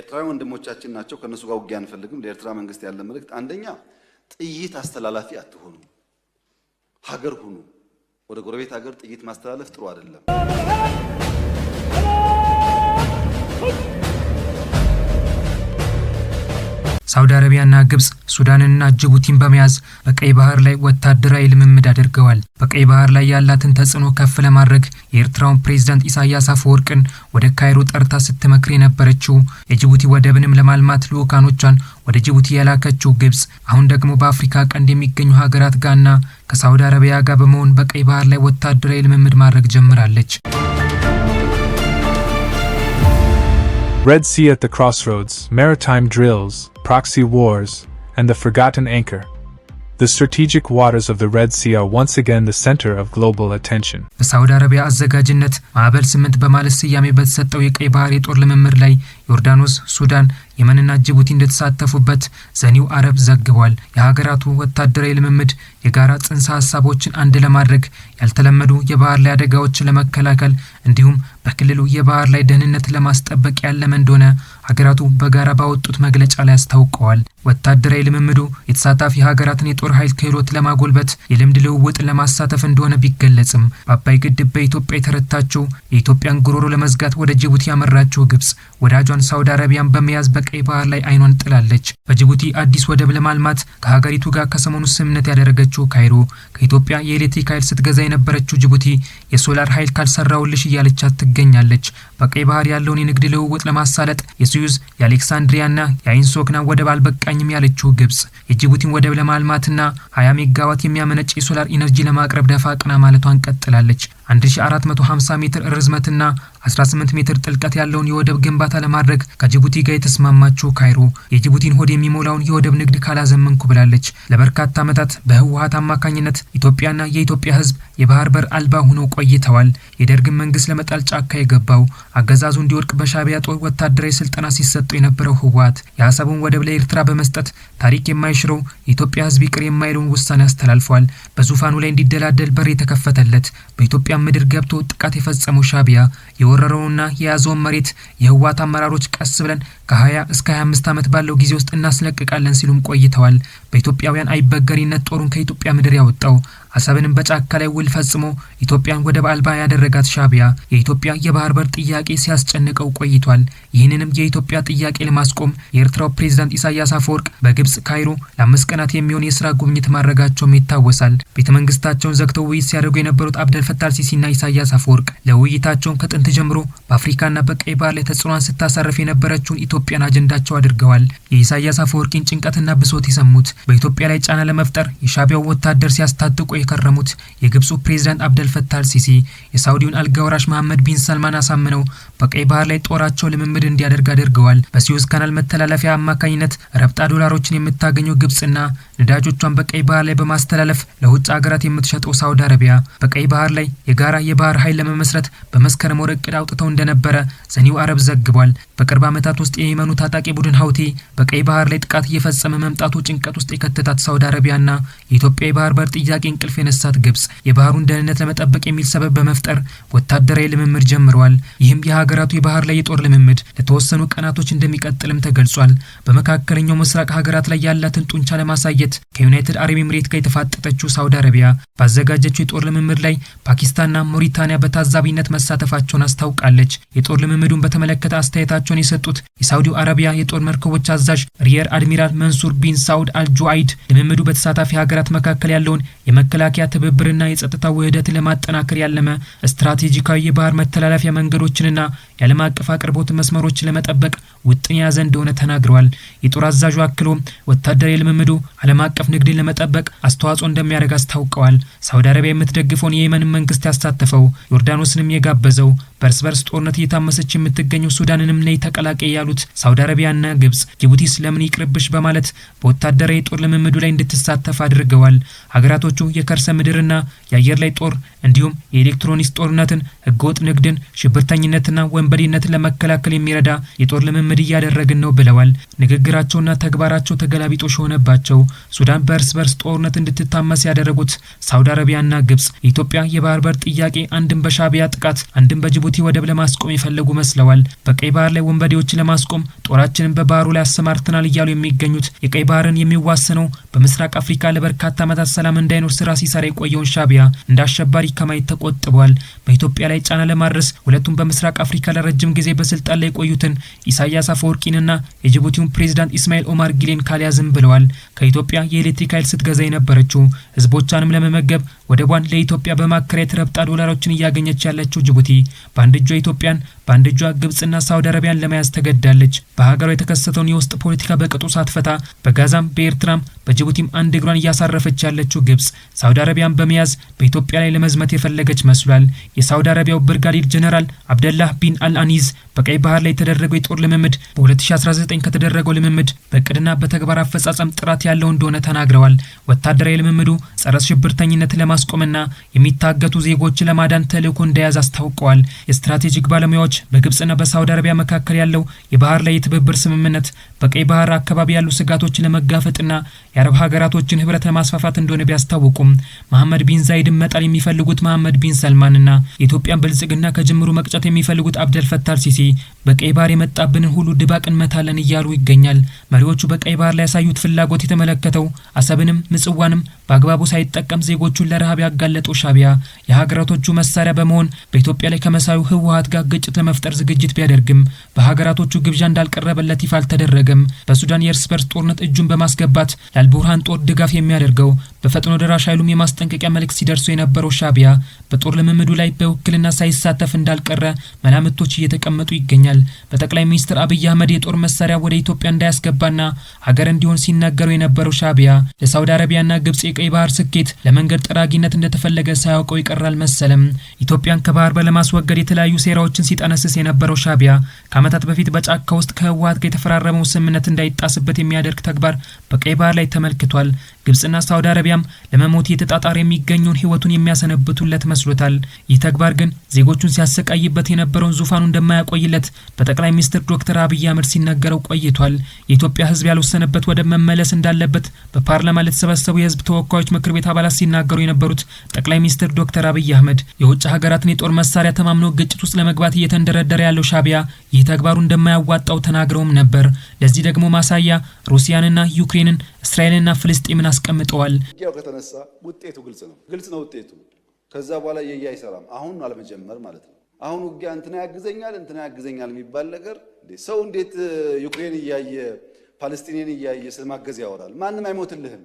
ኤርትራውያን ወንድሞቻችን ናቸው። ከእነሱ ጋር ውጊያ አንፈልግም። ለኤርትራ መንግስት ያለ መልእክት አንደኛ ጥይት አስተላላፊ አትሆኑ፣ ሀገር ሁኑ። ወደ ጎረቤት ሀገር ጥይት ማስተላለፍ ጥሩ አይደለም። ሳውዲ አረቢያና ግብጽ ሱዳንና ጅቡቲን በመያዝ በቀይ ባህር ላይ ወታደራዊ ልምምድ አድርገዋል። በቀይ ባህር ላይ ያላትን ተጽዕኖ ከፍ ለማድረግ የኤርትራውን ፕሬዝዳንት ኢሳያስ አፈወርቅን ወደ ካይሮ ጠርታ ስትመክር የነበረችው የጅቡቲ ወደብንም ለማልማት ልዑካኖቿን ወደ ጅቡቲ የላከችው ግብጽ አሁን ደግሞ በአፍሪካ ቀንድ የሚገኙ ሀገራት ጋርና ከሳውዲ አረቢያ ጋር በመሆን በቀይ ባህር ላይ ወታደራዊ ልምምድ ማድረግ ጀምራለች። Red Sea at the Crossroads, Maritime Drills, Proxy Wars, and the Forgotten Anchor. The strategic waters of the Red Sea are once again the center of global attention. በሳውዲ አረቢያ አዘጋጅነት ማዕበል ስምንት በማለት ስያሜ በተሰጠው የቀይ ባህር የጦር ልምምድ ላይ ዮርዳኖስ፣ ሱዳን፣ የመንና ጅቡቲ እንደተሳተፉበት ዘኒው አረብ ዘግቧል። የሀገራቱ ወታደራዊ ልምምድ የጋራ ጽንሰ ሀሳቦችን አንድ ለማድረግ ያልተለመዱ የባህር ላይ አደጋዎችን ለመከላከል እንዲሁም በክልሉ የባህር ላይ ደህንነት ለማስጠበቅ ያለመ እንደሆነ ሀገራቱ በጋራ ባወጡት መግለጫ ላይ አስታውቀዋል። ወታደራዊ ልምምዱ የተሳታፊ ሀገራትን የጦር ኃይል ክህሎት ለማጎልበት የልምድ ልውውጥ ለማሳተፍ እንደሆነ ቢገለጽም በአባይ ግድብ በኢትዮጵያ የተረታችው የኢትዮጵያን ጉሮሮ ለመዝጋት ወደ ጅቡቲ ያመራችው ግብጽ ወዳጇን ሳውዲ አረቢያን በመያዝ በቀይ ባህር ላይ አይኗን ጥላለች። በጅቡቲ አዲስ ወደብ ለማልማት ከሀገሪቱ ጋር ከሰሞኑ ስምምነት ያደረገችው ካይሮ ከኢትዮጵያ የኤሌክትሪክ ኃይል ስትገዛ የነበረችው ጅቡቲ የሶላር ኃይል ካልሰራውልሽ እያለቻት ትገኛለች። በቀይ ባህር ያለውን የንግድ ልውውጥ ለማሳለጥ የሱዩዝ የአሌክሳንድሪያና የአይንሶክና ወደብ አልበቃኝ አልበቃኝም ያለችው ግብጽ የጅቡቲን ወደብ ለማልማትና 20 ሜጋዋት የሚያመነጭ የሶላር ኢነርጂ ለማቅረብ ደፋ ቅና ማለቷን ቀጥላለች። 1450 ሜትር ርዝመትና 18 ሜትር ጥልቀት ያለውን የወደብ ግንባታ ለማድረግ ከጅቡቲ ጋር የተስማማችው ካይሮ የጅቡቲን ሆድ የሚሞላውን የወደብ ንግድ ካላዘመንኩ ብላለች። ለበርካታ ዓመታት በህወሀት አማካኝነት ኢትዮጵያና የኢትዮጵያ ህዝብ የባህር በር አልባ ሆነው ቆይተዋል። የደርግን መንግስት ለመጣል ጫካ የገባው አገዛዙ እንዲወድቅ በሻቢያ ጦር ወታደራዊ ስልጠና ሲሰጡ የነበረው ህወሀት የአሰቡን ወደብ ለኤርትራ በመስጠት ታሪክ የማይሽረው የኢትዮጵያ ህዝብ ይቅር የማይለውን ውሳኔ አስተላልፏል። በዙፋኑ ላይ እንዲደላደል በር የተከፈተለት በኢትዮጵያ ምድር ገብቶ ጥቃት የፈጸመው የወ የወረረውና የያዘውን መሬት የህወሓት አመራሮች ቀስ ብለን ከ20 እስከ 25 ዓመት ባለው ጊዜ ውስጥ እናስለቅቃለን ሲሉም ቆይተዋል። በኢትዮጵያውያን አይበገሪነት ጦሩን ከኢትዮጵያ ምድር ያወጣው አሰብንም በጫካ ላይ ውል ፈጽሞ ኢትዮጵያን ወደብ አልባ ያደረጋት ሻቢያ የኢትዮጵያ የባህር በር ጥያቄ ሲያስጨንቀው ቆይቷል። ይህንንም የኢትዮጵያ ጥያቄ ለማስቆም የኤርትራው ፕሬዝዳንት ኢሳያስ አፈወርቅ በግብጽ ካይሮ ለአምስት ቀናት የሚሆን የስራ ጉብኝት ማድረጋቸውም ይታወሳል። ቤተ መንግስታቸውን ዘግተው ውይይት ሲያደርጉ የነበሩት አብደልፈታር ሲሲና ኢሳያስ አፈወርቅ ለውይይታቸውን ከጥንት ጀምሮ በአፍሪካና በቀይ ባህር ላይ ተጽዕኖን ስታሳረፍ የነበረችውን ኢትዮጵያን አጀንዳቸው አድርገዋል። የኢሳያስ አፈወርቂን ጭንቀትና ብሶት የሰሙት በኢትዮጵያ ላይ ጫና ለመፍጠር የሻቢያው ወታደር ሲያስታጥቁ የከረሙት የግብፁ ፕሬዚዳንት አብደልፈታል አልሲሲ የሳውዲውን አልጋ ወራሽ መሐመድ ቢን ሰልማን አሳምነው በቀይ ባህር ላይ ጦራቸው ልምምድ እንዲያደርግ አድርገዋል። በሲዩዝ ካናል መተላለፊያ አማካኝነት ረብጣ ዶላሮችን የምታገኘው ግብጽና ነዳጆቿን በቀይ ባህር ላይ በማስተላለፍ ለውጭ ሀገራት የምትሸጠው ሳውዲ አረቢያ በቀይ ባህር ላይ የጋራ የባህር ኃይል ለመመስረት በመስከረም ወር እቅድ አውጥተው እንደነበረ ዘኒው አረብ ዘግቧል። በቅርብ ዓመታት ውስጥ የየመኑ ታጣቂ ቡድን ሀውቲ በቀይ ባህር ላይ ጥቃት እየፈጸመ መምጣቱ ጭንቀት ውስጥ የከተታት ሳውዲ አረቢያና የኢትዮጵያ የባህር በር ጥያቄ እንቅልፍ የነሳት ግብጽ የባህሩን ደህንነት ለመጠበቅ የሚል ሰበብ በመፍጠር ወታደራዊ ልምምድ ጀምረዋል። ይህም ሀገራቱ የባህር ላይ የጦር ልምምድ ለተወሰኑ ቀናቶች እንደሚቀጥልም ተገልጿል። በመካከለኛው ምስራቅ ሀገራት ላይ ያላትን ጡንቻ ለማሳየት ከዩናይትድ አረብ ኤምሬት ጋር የተፋጠጠችው ሳውዲ አረቢያ ባዘጋጀችው የጦር ልምምድ ላይ ፓኪስታንና ሞሪታንያ በታዛቢነት መሳተፋቸውን አስታውቃለች። የጦር ልምምዱን በተመለከተ አስተያየታቸውን የሰጡት የሳውዲ አረቢያ የጦር መርከቦች አዛዥ ሪየር አድሚራል መንሱር ቢን ሳውድ አልጁአይድ ልምምዱ በተሳታፊ ሀገራት መካከል ያለውን የመከላከያ ትብብርና የጸጥታ ውህደት ለማጠናከር ያለመ ስትራቴጂካዊ የባህር መተላለፊያ መንገዶችንና የዓለም አቀፍ አቅርቦት መስመሮች ለመጠበቅ ውጥን የያዘ እንደሆነ ተናግረዋል። የጦር አዛዡ አክሎ ወታደራዊ ልምምዱ ዓለም አቀፍ ንግድን ለመጠበቅ አስተዋጽኦ እንደሚያደርግ አስታውቀዋል። ሳውዲ አረቢያ የምትደግፈውን የየመንን መንግስት ያሳተፈው ዮርዳኖስንም የጋበዘው በእርስ በርስ ጦርነት እየታመሰች የምትገኘው ሱዳንንም ነይ ተቀላቀይ ያሉት ሳውዲ አረቢያና ግብጽ ጅቡቲ ስለምን ይቅርብሽ በማለት በወታደራዊ ጦር ልምምዱ ላይ እንድትሳተፍ አድርገዋል። ሀገራቶቹ የከርሰ ምድርና የአየር ላይ ጦር እንዲሁም የኤሌክትሮኒክስ ጦርነትን፣ ህገወጥ ንግድን፣ ሽብርተኝነትና ወንበዴነትን ለመከላከል የሚረዳ የጦር ልምምድ እያደረግን ነው ብለዋል። ንግግራቸውና ተግባራቸው ተገላቢጦሽ ሆነባቸው። ሱዳን በእርስ በርስ ጦርነት እንድትታመስ ያደረጉት ሳውዲ አረቢያና ግብጽ የኢትዮጵያ የባህር በር ጥያቄ አንድን በሻቢያ ጥቃት አንድን በጅቡቲ ወደብ ለማስቆም የፈለጉ መስለዋል። በቀይ ባህር ላይ ወንበዴዎችን ለማስቆም ጦራችንን በባህሩ ላይ አሰማርተናል እያሉ የሚገኙት የቀይ ባህርን የሚዋስነው በምስራቅ አፍሪካ ለበርካታ ዓመታት ሰላም እንዳይኖር ስራ ሲሰራ የቆየውን ሻቢያ እንደ አሸባሪ ከማየት ተቆጥበዋል። በኢትዮጵያ ላይ ጫና ለማድረስ ሁለቱም በምስራቅ አፍሪካ ለረጅም ጊዜ በስልጣን ላይ የቆዩትን ኢሳያስ አፈወርቂንና የጅቡቲውን ፕሬዚዳንት ኢስማኤል ኦማር ጊሌን ካልያዝም ብለዋል። ኢትዮጵያ የኤሌክትሪክ ኃይል ስትገዛ የነበረችው ህዝቦቿንም ለመመገብ ወደቧን ለኢትዮጵያ በማከራየት ረብጣ ዶላሮችን እያገኘች ያለችው ጅቡቲ በአንድ እጇ ኢትዮጵያን በአንድ እጇ ግብፅና ሳውዲ አረቢያን ለመያዝ ተገዳለች። በሀገሯ የተከሰተውን የውስጥ ፖለቲካ በቅጡ ሳትፈታ በጋዛም በኤርትራም በጅቡቲም አንድ እግሯን እያሳረፈች ያለችው ግብጽ ሳውዲ አረቢያን በመያዝ በኢትዮጵያ ላይ ለመዝመት የፈለገች መስሏል። የሳውዲ አረቢያው ብርጋዴር ጀነራል አብደላህ ቢን አልአኒዝ በቀይ ባህር ላይ የተደረገው የጦር ልምምድ በ2019 ከተደረገው ልምምድ በእቅድና በተግባር አፈጻጸም ጥራት ያለው እንደሆነ ተናግረዋል። ወታደራዊ ልምምዱ ጸረ ሽብርተኝነት ለማስቆምና የሚታገቱ ዜጎች ለማዳን ተልዕኮ እንደያዝ አስታውቀዋል። የስትራቴጂክ ባለሙያዎች በግብፅና በሳውዲ አረቢያ መካከል ያለው የባህር ላይ የትብብር ስምምነት በቀይ ባህር አካባቢ ያሉ ስጋቶችን ለመጋፈጥና የአረብ ሀገራቶችን ህብረት ለማስፋፋት እንደሆነ ቢያስታውቁም መሐመድ ቢን ዛይድን መጣል የሚፈልጉት መሐመድ ቢን ሰልማንና የኢትዮጵያን ብልጽግና ከጅምሩ መቅጨት የሚፈልጉት አብደል ፈታህ አልሲሲ በቀይ ባህር የመጣብንን ሁሉ ድባቅ እንመታለን እያሉ ይገኛል። መሪዎቹ በቀይ ባህር ላይ ያሳዩት ፍላጎት የተመለከተው አሰብንም ምጽዋንም በአግባቡ ሳይጠቀም ዜጎቹን ለረሃብ ያጋለጠው ሻቢያ የሀገራቶቹ መሳሪያ በመሆን በኢትዮጵያ ላይ ከመሳዩ ህወሀት ጋር ግጭት ለመፍጠር ዝግጅት ቢያደርግም በሀገራቶቹ ግብዣ እንዳልቀረበለት ይፋ አልተደረገ ቢያደርግም በሱዳን የእርስ በርስ ጦርነት እጁን በማስገባት ለአልቡርሃን ጦር ድጋፍ የሚያደርገው በፈጥኖ ደራሽ ኃይሉም የማስጠንቀቂያ መልእክት ሲደርሱ የነበረው ሻቢያ በጦር ልምምዱ ላይ በውክልና ሳይሳተፍ እንዳልቀረ መላምቶች እየተቀመጡ ይገኛል። በጠቅላይ ሚኒስትር አብይ አህመድ የጦር መሳሪያ ወደ ኢትዮጵያ እንዳያስገባና ሀገር እንዲሆን ሲናገሩ የነበረው ሻቢያ ለሳውዲ አረቢያና ግብጽ የቀይ ባህር ስኬት ለመንገድ ጠራጊነት እንደተፈለገ ሳያውቀው ይቀራል መሰለም። ኢትዮጵያን ከባህር በር ለማስወገድ የተለያዩ ሴራዎችን ሲጠነስስ የነበረው ሻቢያ ከዓመታት በፊት በጫካ ውስጥ ከህወሀት ጋር የተፈራረመው ስምምነት እንዳይጣስበት የሚያደርግ ተግባር በቀይ ባህር ላይ ተመልክቷል። ግብፅና ሳውዲ አረቢያም ለመሞት የተጣጣረ የሚገኘውን ህይወቱን የሚያሰነብቱለት መስሎታል። ይህ ተግባር ግን ዜጎቹን ሲያሰቃይበት የነበረውን ዙፋኑ እንደማያቆይለት በጠቅላይ ሚኒስትር ዶክተር አብይ አህመድ ሲናገረው ቆይቷል። የኢትዮጵያ ህዝብ ያልወሰነበት ወደ መመለስ እንዳለበት በፓርላማ ለተሰበሰቡ የህዝብ ተወካዮች ምክር ቤት አባላት ሲናገሩ የነበሩት ጠቅላይ ሚኒስትር ዶክተር አብይ አህመድ የውጭ ሀገራትን የጦር መሳሪያ ተማምኖ ግጭት ውስጥ ለመግባት እየተንደረደረ ያለው ሻቢያ ይህ ተግባሩ እንደማያዋጣው ተናግረውም ነበር። ለዚህ ደግሞ ማሳያ ሩሲያንና ዩክሬንን እስራኤልና ፍልስጤምን አስቀምጠዋል። ውጊያው ከተነሳ ውጤቱ ግልጽ ነው፣ ግልጽ ነው ውጤቱ። ከዛ በኋላ የየ አይሰራም። አሁን አለመጀመር ማለት ነው። አሁን ውጊያ እንትና ያግዘኛል እንትና ያግዘኛል የሚባል ነገር ሰው እንዴት ዩክሬን እያየ ፓለስቲኔን እያየ ስለማገዝ ያወራል? ማንም አይሞትልህም።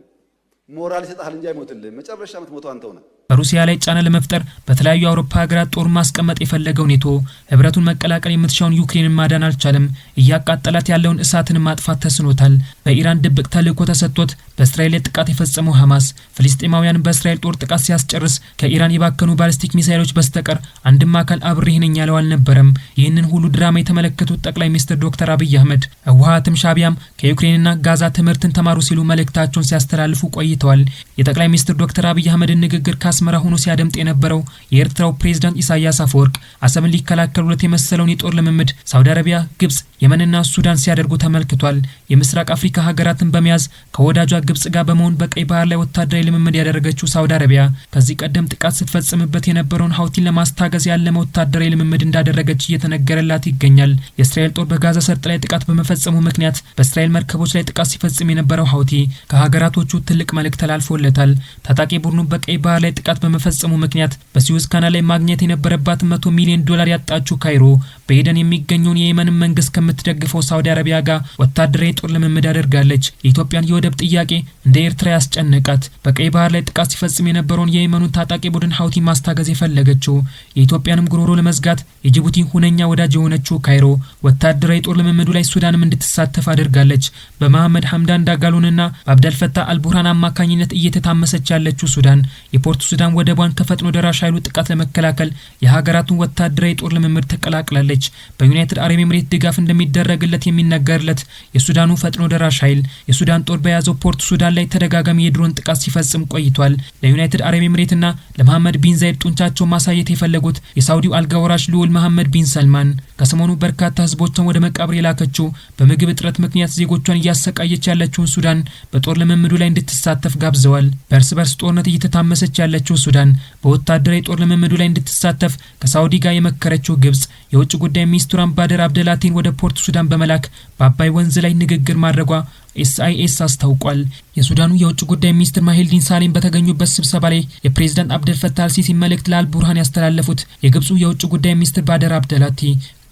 ሞራል ይሰጣል እንጂ አይሞትልህም። መጨረሻ የምትሞተው አንተው ነህ። በሩሲያ ላይ ጫና ለመፍጠር በተለያዩ የአውሮፓ ሀገራት ጦር ማስቀመጥ የፈለገው ኔቶ ህብረቱን መቀላቀል የምትሻውን ዩክሬንን ማዳን አልቻለም። እያቃጠላት ያለውን እሳትን ማጥፋት ተስኖታል። በኢራን ድብቅ ተልዕኮ ተሰጥቶት በእስራኤል ላይ ጥቃት የፈጸመው ሐማስ ፍልስጤማውያን በእስራኤል ጦር ጥቃት ሲያስጨርስ ከኢራን የባከኑ ባሊስቲክ ሚሳይሎች በስተቀር አንድም አካል አብሬህ ነኝ ያለው አልነበረም። ይህንን ሁሉ ድራማ የተመለከቱት ጠቅላይ ሚኒስትር ዶክተር አብይ አህመድ ህወሓትም ሻቢያም ከዩክሬንና ጋዛ ትምህርትን ተማሩ ሲሉ መልእክታቸውን ሲያስተላልፉ ቆይተዋል። የጠቅላይ ሚኒስትር ዶክተር አብይ አህመድን ንግግር ካስ አስመራ ሆኖ ሲያደምጥ የነበረው የኤርትራው ፕሬዝዳንት ኢሳያስ አፈወርቅ አሰብን ሊከላከሉለት የመሰለውን የጦር ልምምድ ሳውዲ አረቢያ፣ ግብጽ፣ የመንና ሱዳን ሲያደርጉ ተመልክቷል። የምስራቅ አፍሪካ ሀገራትን በመያዝ ከወዳጇ ግብጽ ጋር በመሆን በቀይ ባህር ላይ ወታደራዊ ልምምድ ያደረገችው ሳውዲ አረቢያ ከዚህ ቀደም ጥቃት ስትፈጽምበት የነበረውን ሀውቲን ለማስታገዝ ያለመ ወታደራዊ ልምምድ እንዳደረገች እየተነገረላት ይገኛል። የእስራኤል ጦር በጋዛ ሰርጥ ላይ ጥቃት በመፈጸሙ ምክንያት በእስራኤል መርከቦች ላይ ጥቃት ሲፈጽም የነበረው ሀውቲ ከሀገራቶቹ ትልቅ መልእክት ተላልፎለታል። ታጣቂ ቡድኑ በቀይ ባህር ላይ ጥቃት ጥቃት በመፈጸሙ ምክንያት በሱዌዝ ካናል ላይ ማግኘት የነበረባት 100 ሚሊዮን ዶላር ያጣችው ካይሮ በኤደን የሚገኘውን የየመንን መንግስት ከምትደግፈው ሳውዲ አረቢያ ጋር ወታደራዊ ጦር ልምምድ አደርጋለች። የኢትዮጵያን የወደብ ጥያቄ እንደ ኤርትራ ያስጨነቃት፣ በቀይ ባህር ላይ ጥቃት ሲፈጽም የነበረውን የየመኑን ታጣቂ ቡድን ሀውቲ ማስታገዝ የፈለገችው፣ የኢትዮጵያንም ጉሮሮ ለመዝጋት የጅቡቲ ሁነኛ ወዳጅ የሆነችው ካይሮ ወታደራዊ ጦር ልምምዱ ላይ ሱዳንም እንድትሳተፍ አድርጋለች። በመሐመድ ሐምዳን ዳጋሎንና በአብደልፈታ አልቡርሃን አማካኝነት እየተታመሰች ያለችው ሱዳን የፖርት ሱዳን ወደቧን ከፈጥኖ ደራሽ ኃይሉ ጥቃት ለመከላከል የሀገራቱን ወታደራዊ ጦር ልምምድ ተቀላቅላለች። ልጅ በዩናይትድ አረብ ኤምሬት ድጋፍ እንደሚደረግለት የሚነገርለት የሱዳኑ ፈጥኖ ደራሽ ኃይል የሱዳን ጦር በያዘው ፖርት ሱዳን ላይ ተደጋጋሚ የድሮን ጥቃት ሲፈጽም ቆይቷል። ለዩናይትድ አረብ ኤምሬትና ለመሐመድ ቢን ዛይድ ጡንቻቸው ማሳየት የፈለጉት የሳውዲው አልጋ ወራሽ ልዑል መሐመድ ቢን ሰልማን ከሰሞኑ በርካታ ህዝቦቿን ወደ መቃብር የላከችው በምግብ እጥረት ምክንያት ዜጎቿን እያሰቃየች ያለችውን ሱዳን በጦር ልምምዱ ላይ እንድትሳተፍ ጋብዘዋል። በእርስ በርስ ጦርነት እየተታመሰች ያለችው ሱዳን በወታደራዊ ጦር ልምምዱ ላይ እንድትሳተፍ ከሳውዲ ጋር የመከረችው ግብጽ የውጭ ጉዳይ ሚኒስትሩ አምባደር አብደላቴን ወደ ፖርት ሱዳን በመላክ በአባይ ወንዝ ላይ ንግግር ማድረጓ ኤስአይኤስ አስታውቋል። የሱዳኑ የውጭ ጉዳይ ሚኒስትር ማሄልዲን ሳሌም በተገኙበት ስብሰባ ላይ የፕሬዚዳንት አብደል ፈታህ አልሲሲ መልእክት ለአልቡርሃን ያስተላለፉት የግብፁ የውጭ ጉዳይ ሚኒስትር ባደር አብደላቴ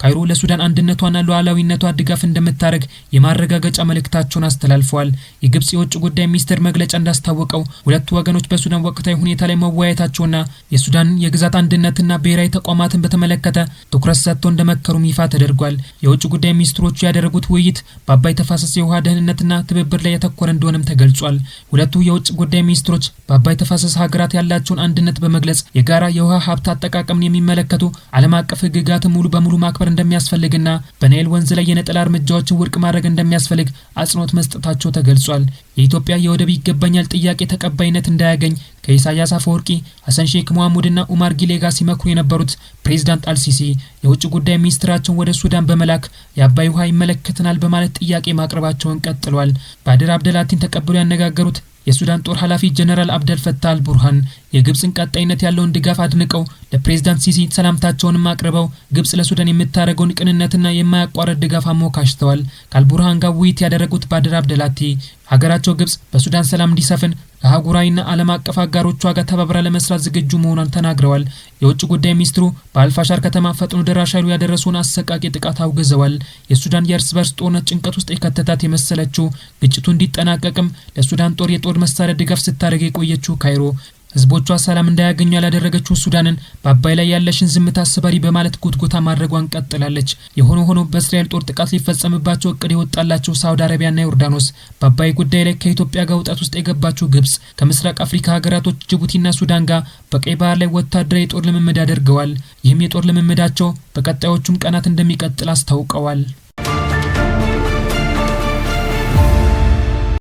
ካይሮ ለሱዳን አንድነቷና ሉዓላዊነቷ ድጋፍ እንደምታደርግ የማረጋገጫ መልእክታቸውን አስተላልፈዋል። የግብፅ የውጭ ጉዳይ ሚኒስቴር መግለጫ እንዳስታወቀው ሁለቱ ወገኖች በሱዳን ወቅታዊ ሁኔታ ላይ መወያየታቸውና የሱዳን የግዛት አንድነትና ብሔራዊ ተቋማትን በተመለከተ ትኩረት ሰጥተው እንደመከሩም ይፋ ተደርጓል። የውጭ ጉዳይ ሚኒስትሮቹ ያደረጉት ውይይት በአባይ ተፋሰስ የውሃ ደህንነትና ትብብር ላይ የተኮረ እንደሆነም ተገልጿል። ሁለቱ የውጭ ጉዳይ ሚኒስትሮች በአባይ ተፋሰስ ሀገራት ያላቸውን አንድነት በመግለጽ የጋራ የውሃ ሀብት አጠቃቀምን የሚመለከቱ ዓለም አቀፍ ህግጋትን ሙሉ በሙሉ ማክበር እንደሚያስፈልግና በናይል ወንዝ ላይ የነጠላ እርምጃዎችን ውድቅ ማድረግ እንደሚያስፈልግ አጽንኦት መስጠታቸው ተገልጿል። የኢትዮጵያ የወደብ ይገባኛል ጥያቄ ተቀባይነት እንዳያገኝ ከኢሳያስ አፈወርቂ፣ ሀሰን ሼክ መሐሙድና ኡማር ጊሌ ጋር ሲመክሩ የነበሩት ፕሬዚዳንት አልሲሲ የውጭ ጉዳይ ሚኒስትራቸውን ወደ ሱዳን በመላክ የአባይ ውሃ ይመለከተናል በማለት ጥያቄ ማቅረባቸውን ቀጥሏል። ባድር አብደላቲን ተቀብሎ ያነጋገሩት የሱዳን ጦር ኃላፊ ጀነራል አብደል ፈታህ አል ቡርሃን የግብፅን ቀጣይነት ያለውን ድጋፍ አድንቀው ለፕሬዝዳንት ሲሲ ሰላምታቸውንም አቅርበው ግብፅ ለሱዳን የምታደርገውን ቅንነትና የማያቋረጥ ድጋፍ አሞካሽተዋል። ከአልቡርሃን ጋር ውይይት ያደረጉት ባድር አብደላቲ ሀገራቸው ግብፅ በሱዳን ሰላም እንዲሰፍን ከአህጉራዊና ዓለም አቀፍ አጋሮቿ ጋር ተባብራ ለመስራት ዝግጁ መሆኗን ተናግረዋል። የውጭ ጉዳይ ሚኒስትሩ በአልፋሻር ከተማ ፈጥኖ ደራሽ ኃይሉ ያደረሰውን አሰቃቂ ጥቃት አውግዘዋል። የሱዳን የእርስ በርስ ጦርነት ጭንቀት ውስጥ የከተታት የመሰለችው ግጭቱ እንዲጠናቀቅም ለሱዳን ጦር የጦር መሳሪያ ድጋፍ ስታደርግ የቆየችው ካይሮ ህዝቦቿ ሰላም እንዳያገኙ ያላደረገችው ሱዳንን በአባይ ላይ ያለሽን ዝምታ አስባሪ በማለት ጉትጎታ ማድረጓን ቀጥላለች። የሆነ ሆኖ በእስራኤል ጦር ጥቃት ሊፈጸምባቸው እቅድ የወጣላቸው ሳውዲ አረቢያና ዮርዳኖስ፣ በአባይ ጉዳይ ላይ ከኢትዮጵያ ጋር ውጥረት ውስጥ የገባችው ግብጽ፣ ከምስራቅ አፍሪካ ሀገራቶች ጅቡቲና ሱዳን ጋር በቀይ ባህር ላይ ወታደራዊ የጦር ልምምድ አድርገዋል። ይህም የጦር ልምምዳቸው በቀጣዮቹም ቀናት እንደሚቀጥል አስታውቀዋል።